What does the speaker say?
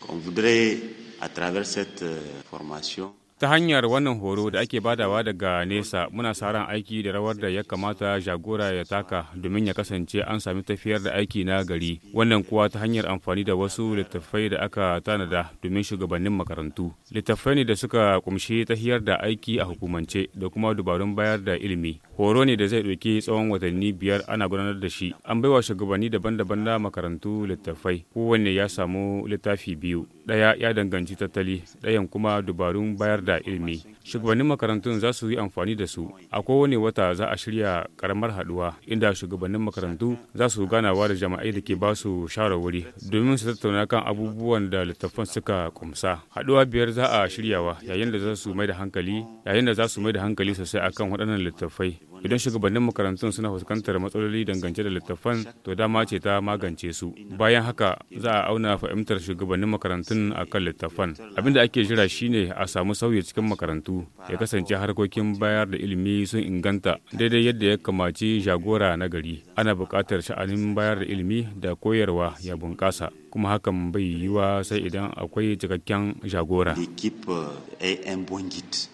Qu'on voudrait, à travers cette euh, formation, ta hanyar wannan horo da ake badawa daga nesa muna saran aiki da rawar da ya kamata jagora ya taka domin ya kasance an sami tafiyar da aiki na gari wannan kuwa ta hanyar amfani da wasu littattafai da aka tanada domin shugabannin makarantu littattafai ne da suka kumshi tahiyar da aiki a hukumance da kuma dubarun bayar da ilimi horo ne da zai ɗauki tsawon watanni biyar ana gudanar da shi an baiwa shugabanni daban-daban na makarantu littattafai kowanne ya samu littafi biyu ɗaya ya danganci tattali ɗayan kuma dubarun bayar da ilimi shugabannin makarantun za su yi amfani da su a kowane wata za a shirya karamar haduwa inda shugabannin makarantu za su ganawa da jama'ai da ke ba su shawarwari domin su tattauna kan abubuwan da littattafan suka kumsa haduwa biyar za a shiryawa yayin da za su mai da hankali yayin da za su mai da hankali sosai akan waɗannan littattafai Idan shugabannin makarantun suna fuskantar matsaloli dangance da littattafan to dama ce ta magance su. Bayan haka za a auna fahimtar shugabannin makarantun a kan littattafan. Abin da ake jira shine a samu sauyi cikin makarantu ya kasance harkokin bayar da ilimi sun inganta daidai yadda ya kamaci jagora na gari. Ana buƙatar sha'anin bayar da ilimi da koyarwa ya bunƙasa kuma hakan bai yiwuwa sai idan akwai cikakken jagora.